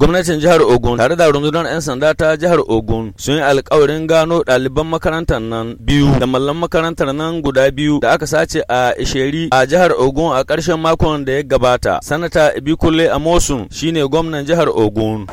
Gwamnatin jihar Ogun tare da rundunar 'yan sanda ta jihar Ogun sun yi alkawarin gano ɗaliban makarantar nan biyu da mallan makarantar nan guda biyu da aka sace a Isheri a jihar Ogun a ƙarshen makon da ya gabata. Sanata Ibikunle Amosun shine gwamnan jihar Ogun.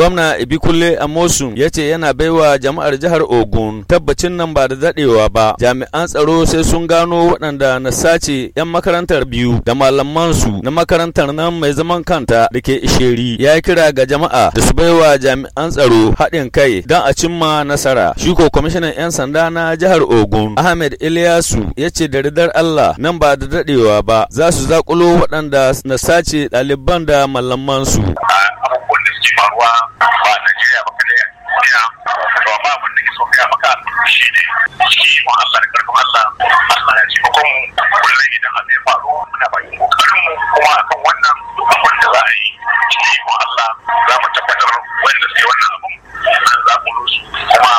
Gwamna kulle Amosu ya ce yana baiwa jama'ar jihar Ogun tabbacin nan ba da dadewa ba. Jami'an tsaro sai sun gano waɗanda na sace 'yan makarantar biyu da malamansu na makarantar nan mai zaman kanta da ke Isheri. Ya kira ga jama'a da su baiwa jami'an tsaro haɗin kai don a cimma nasara. Shi kwamishinan 'yan sanda na jihar Ogun Ahmed Ilyasu ya ce da ridar Allah nan ba da dadewa ba za su zaƙulo waɗanda na sace ɗaliban da malamansu. za mu tabbatar wanda sai wannan abun an zaɓo su kuma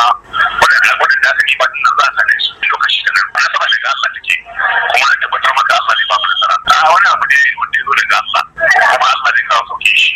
waɗanda waɗanda aka nema za a sane su lokaci da nan wani sama daga Allah take kuma na tabbatar maka Allah ne ba mu nasara a wannan abu ne wanda ya zo daga Allah kuma Allah zai kawo sauke shi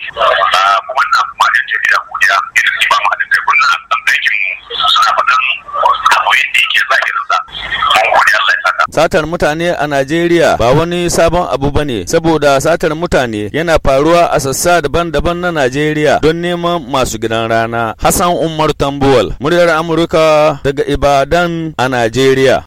Satar mutane a Najeriya ba wani sabon abu ba ne, saboda satar mutane yana faruwa a sassa daban-daban na Najeriya don neman masu gidan rana. Hassan Umar Tambuwal, muryar Amurka daga Ibadan a Najeriya.